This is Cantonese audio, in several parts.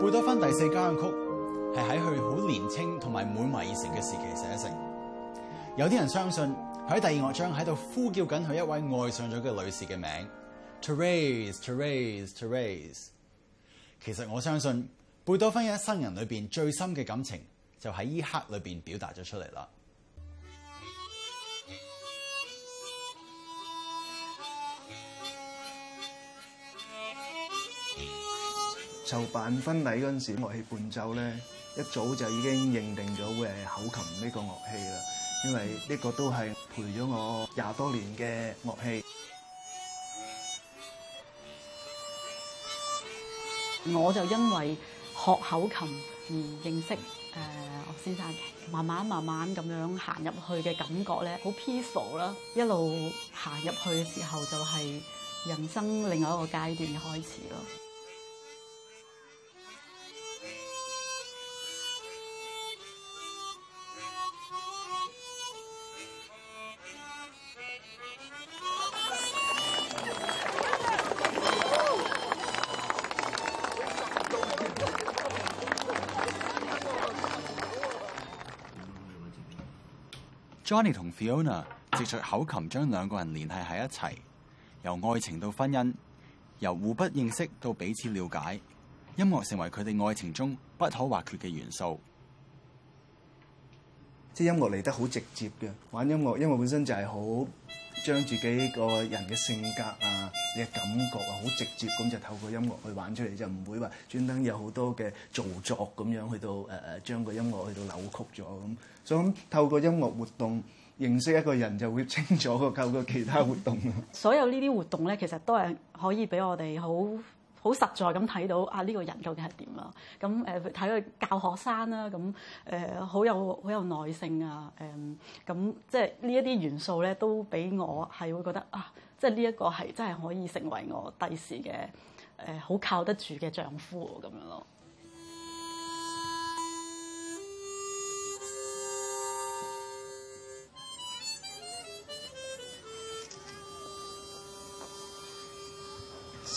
貝多芬第四交響曲係喺佢好年青同埋滿懷熱誠嘅時期寫成，有啲人相信喺第二樂章喺度呼叫緊佢一位愛上咗嘅女士嘅名，Therese，Therese，Therese。其實我相信貝多芬一生人裏邊最深嘅感情就喺呢刻裏邊表達咗出嚟啦。就辦婚禮嗰陣時，樂器伴奏咧，一早就已經認定咗會係口琴呢個樂器啦，因為呢個都係陪咗我廿多年嘅樂器。我就因為學口琴而認識誒岳、呃、先生，慢慢慢慢咁樣行入去嘅感覺咧，好 peaceful 啦。一路行入去嘅時候，就係人生另外一個階段嘅開始咯。Johnny 同 Fiona 藉著口琴將兩個人聯繫喺一齊，由愛情到婚姻，由互不認識到彼此了解，音樂成為佢哋愛情中不可或缺嘅元素。即音樂嚟得好直接嘅，玩音樂，音樂本身就係好。將自己個人嘅性格啊、你嘅感覺啊，好直接咁就透過音樂去玩出嚟，就唔會話專登有好多嘅造作咁樣去到將個、呃、音樂去到扭曲咗咁。所以咁透過音樂活動認識一個人就會清，清楚過透過其他活動。所有呢啲活動咧，其實都係可以俾我哋好。好實在咁睇到啊呢、這個人究竟係點啊？咁誒睇佢教學生啦，咁誒好有好有耐性啊！誒、嗯、咁即係呢一啲元素咧，都俾我係會覺得啊，即係呢一個係真係可以成為我第時嘅誒好靠得住嘅丈夫咁樣咯。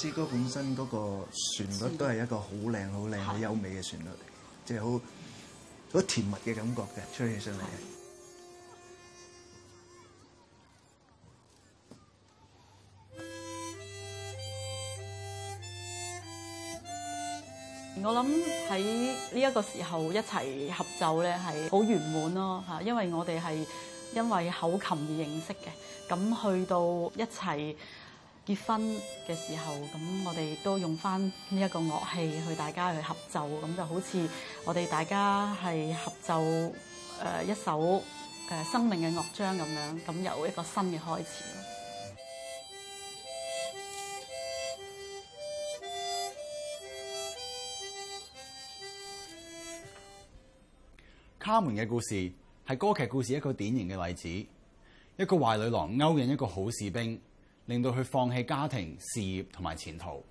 支歌本身嗰個旋律的都係一個好靚、好靚、好的優美嘅旋律，即係好好甜蜜嘅感覺嘅，吹起上嚟。的我諗喺呢一個時候一齊合奏咧，係好圓滿咯嚇，因為我哋係因為口琴而認識嘅，咁去到一齊。結婚嘅時候，咁我哋都用翻呢一個樂器去大家去合奏，咁就好似我哋大家係合奏誒、呃、一首誒、呃、生命嘅樂章咁樣，咁有一個新嘅開始、嗯。卡門嘅故事係歌劇故事一個典型嘅例子，一個壞女郎勾引一個好士兵。令到佢放棄家庭、事業同埋前途，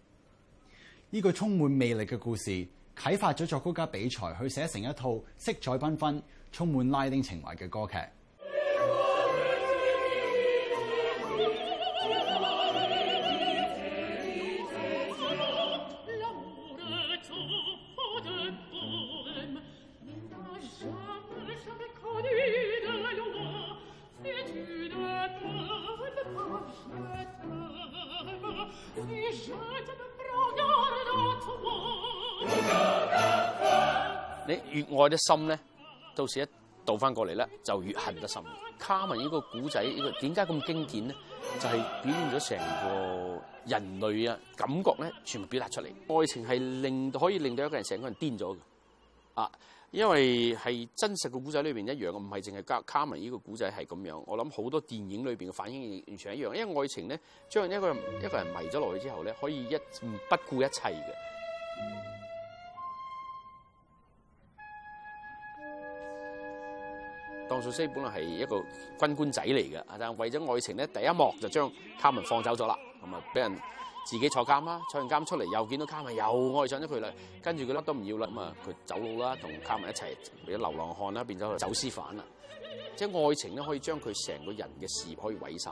呢、這個充滿魅力嘅故事啟發咗作曲家比才去寫成一套色彩繽紛，紛、充滿拉丁情懷嘅歌劇。愛得深咧，到時一倒翻過嚟咧，就越恨得深。卡文呢個古仔，呢個點解咁經典咧？就係表現咗成個人類啊感覺咧，全部表達出嚟。愛情係令可以令到一個人成個人癲咗嘅，啊！因為係真實嘅古仔裏邊一樣，唔係淨係卡卡文呢個古仔係咁樣。我諗好多電影裏邊嘅反應完全一樣，因為愛情咧，將一個人一個人迷咗落去之後咧，可以一唔不顧一切嘅。本來係一個軍官仔嚟嘅，但係為咗愛情咧，第一幕就將卡文放走咗啦，咁啊俾人自己坐監啦，坐完監出嚟又見到卡文，又愛上咗佢啦，跟住佢乜都唔要啦，咁啊佢走佬啦，同卡文一齊變咗流浪漢啦，變咗走私犯啦，即係愛情咧，可以將佢成個人嘅事業可以毀晒。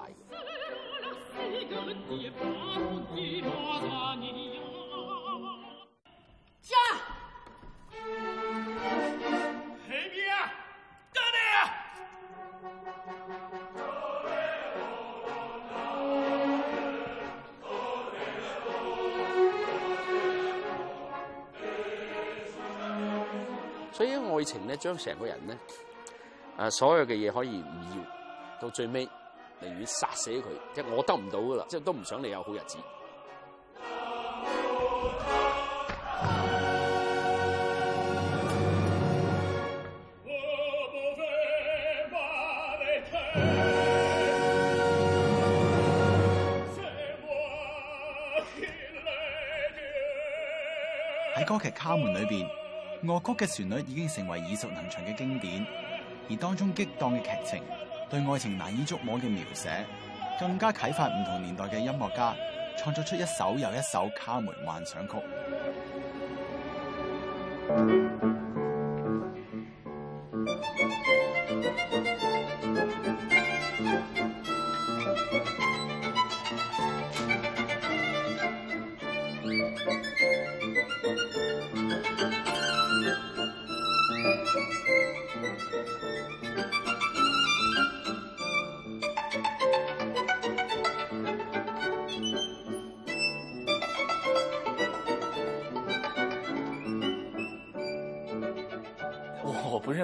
Yeah. 愛情咧，將成個人咧，啊，所有嘅嘢可以唔要，到最尾寧願殺死佢，即係我得唔到噶啦，即係都唔想你有好日子。喺歌劇卡門裏邊。樂曲嘅旋律已經成為耳熟能詳嘅經典，而當中激盪嘅劇情，對愛情難以捉摸嘅描寫，更加啟發唔同年代嘅音樂家，創作出一首又一首《卡門幻想曲》。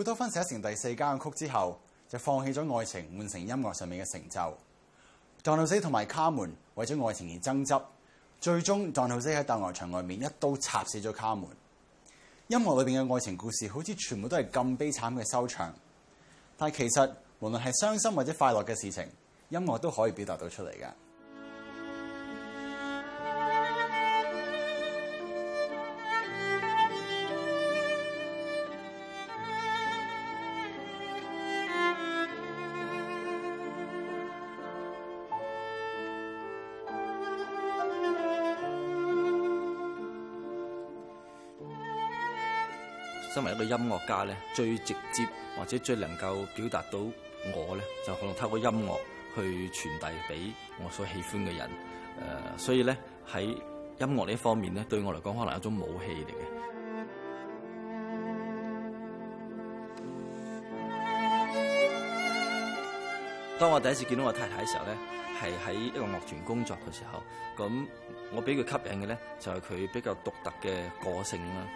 貝多芬寫成第四交響曲之後，就放棄咗愛情，換成音樂上面嘅成就。唐荷西同埋卡門為咗愛情而爭執，最終唐荷西喺大外牆外面一刀插死咗卡門。音樂裏邊嘅愛情故事好似全部都係咁悲慘嘅收場，但其實無論係傷心或者快樂嘅事情，音樂都可以表達到出嚟嘅。身為一個音樂家咧，最直接或者最能夠表達到我咧，就可能透過音樂去傳遞俾我所喜歡嘅人。誒，所以咧喺音樂呢方面咧，對我嚟講可能係一種武器嚟嘅。當我第一次見到我太太嘅時候咧，係喺一個樂團工作嘅時候，咁我俾佢吸引嘅咧就係佢比較獨特嘅個性啦。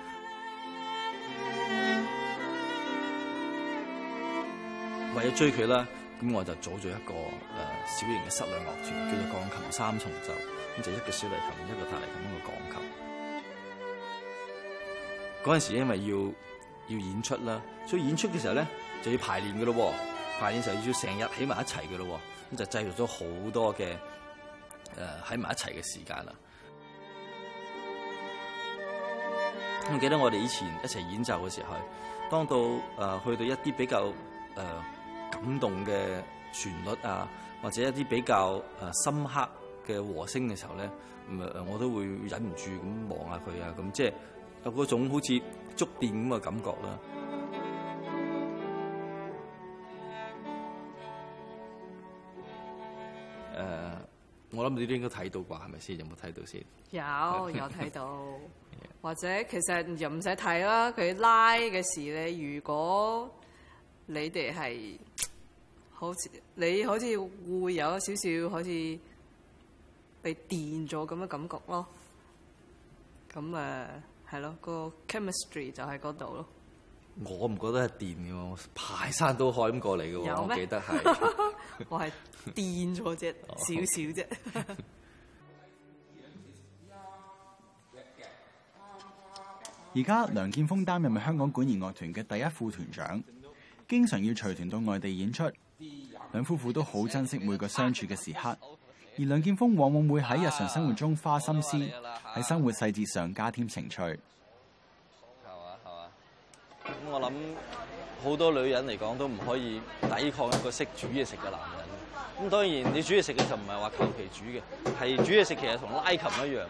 為咗追佢啦，咁我就組咗一個誒小型嘅室內樂團，叫做鋼琴三重奏。咁就一個小提琴，一個大提琴，一個鋼琴。嗰陣 時因為要要演出啦，所以演出嘅時候咧就要排練嘅咯喎。排練嘅時候要成日喺埋一齊嘅咯喎，咁就製造咗好多嘅誒喺埋一齊嘅時間啦。 我記得我哋以前一齊演奏嘅時候，當到誒、呃、去到一啲比較誒，呃感動嘅旋律啊，或者一啲比較誒深刻嘅和聲嘅時候咧，咁我都會忍唔住咁望下佢啊，咁即係有嗰種好似觸電咁嘅感覺啦、啊。誒， uh, 我諗你哋應該睇到啩，係咪先？有冇睇到先？有有睇到，看到 或者其實又唔使睇啦。佢拉嘅時咧，如果你哋係。好似你好似會有一少少好似被電咗咁嘅感覺咯。咁誒係咯，個 chemistry 就喺嗰度咯。我唔覺得係電嘅喎，我排山都開咁過嚟嘅喎，有嗎我記得係 我係電咗啫，少少啫。而 家梁建峰擔任係香港管弦樂團嘅第一副團長，經常要隨團到外地演出。兩夫婦都好珍惜每個相處嘅時刻，而梁建峰往往會喺日常生活中花心思，喺生活細節上加添情趣係嘛？係嘛？咁。我諗好多女人嚟講都唔可以抵抗一個識煮嘢食嘅男人。咁、嗯、當然你煮嘢食嘅就唔係話求其煮嘅，係煮嘢食其實同拉琴一樣嘅，誒、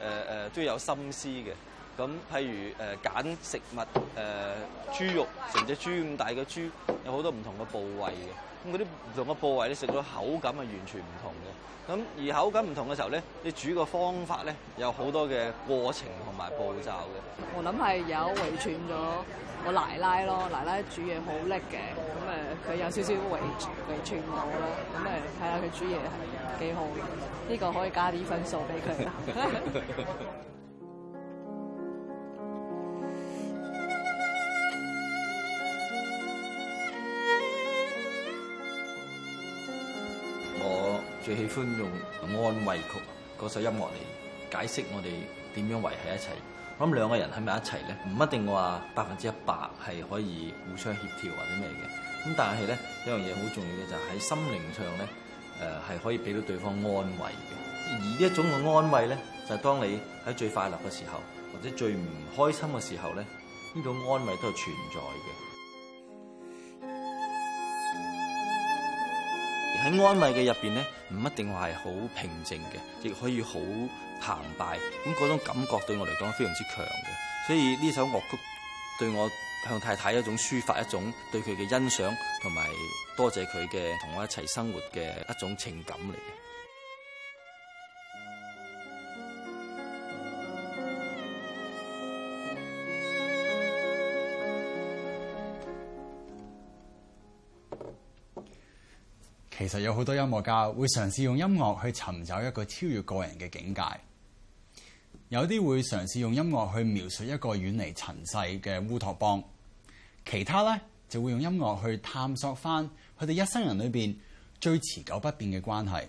呃、誒、呃、都要有心思嘅。咁譬如誒揀食物誒、呃、豬肉成隻豬咁大嘅豬，有好多唔同嘅部位嘅，咁嗰啲唔同嘅部位你食咗口感係完全唔同嘅。咁而口感唔同嘅時候咧，你煮嘅方法咧有好多嘅過程同埋步驟嘅。我諗係有遺傳咗我奶奶咯，奶奶煮嘢好叻嘅，咁誒佢有少少遺遺傳我啦，咁誒睇下佢煮嘢係幾好嘅，呢個可以加啲分數俾佢。 最喜歡用安慰曲嗰首音樂嚟解釋我哋點樣維係一齊。我諗兩個人喺埋一齊咧，唔一定話百分之一百係可以互相協調或者咩嘅。咁但係咧，一樣嘢好重要嘅就係喺心靈上咧，誒係可以俾到對方安慰嘅。而一種嘅安慰咧，就係、是、當你喺最快樂嘅時候，或者最唔開心嘅時候咧，呢種安慰都係存在嘅。喺安慰嘅入邊咧，唔一定話係好平靜嘅，亦可以好澎湃。咁嗰種感覺對我嚟講非常之強嘅，所以呢首樂曲對我向太太一種抒發，一種對佢嘅欣賞，同埋多謝佢嘅同我一齊生活嘅一種情感嚟嘅。其實有好多音樂家會嘗試用音樂去尋找一個超越個人嘅境界，有啲會嘗試用音樂去描述一個遠離塵世嘅烏托邦，其他呢就會用音樂去探索返佢哋一生人裏面最持久不變嘅關係。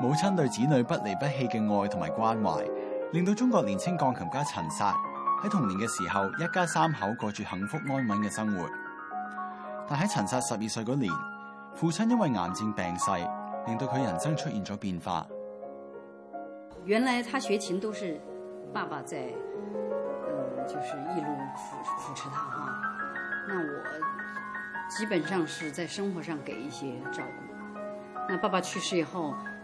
母親對子女不離不棄嘅愛同埋關懷，令到中國年輕鋼琴家陳薩喺童年嘅時候，一家三口過住幸福安穩嘅生活。但喺陳薩十二歲嗰年，父親因為癌症病逝，令到佢人生出現咗變化。原來他學琴都是爸爸在，嗯，就是一路扶持他哈。那我基本上是在生活上給一些照顧。那爸爸去世以後。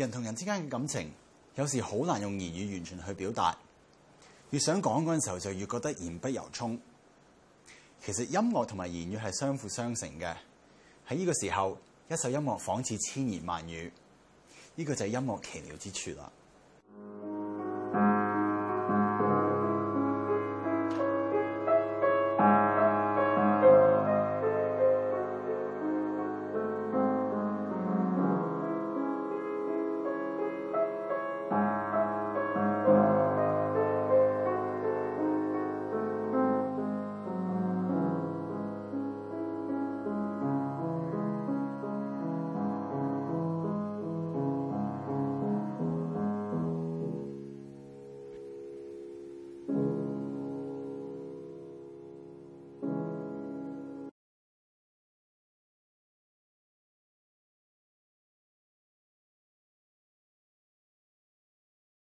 人同人之間嘅感情，有時好難用言語完全去表達，越想講嗰陣時候就越覺得言不由衷。其實音樂同埋言語係相輔相成嘅，喺呢個時候一首音樂仿似千言萬語，呢個就係音樂奇妙之處啦。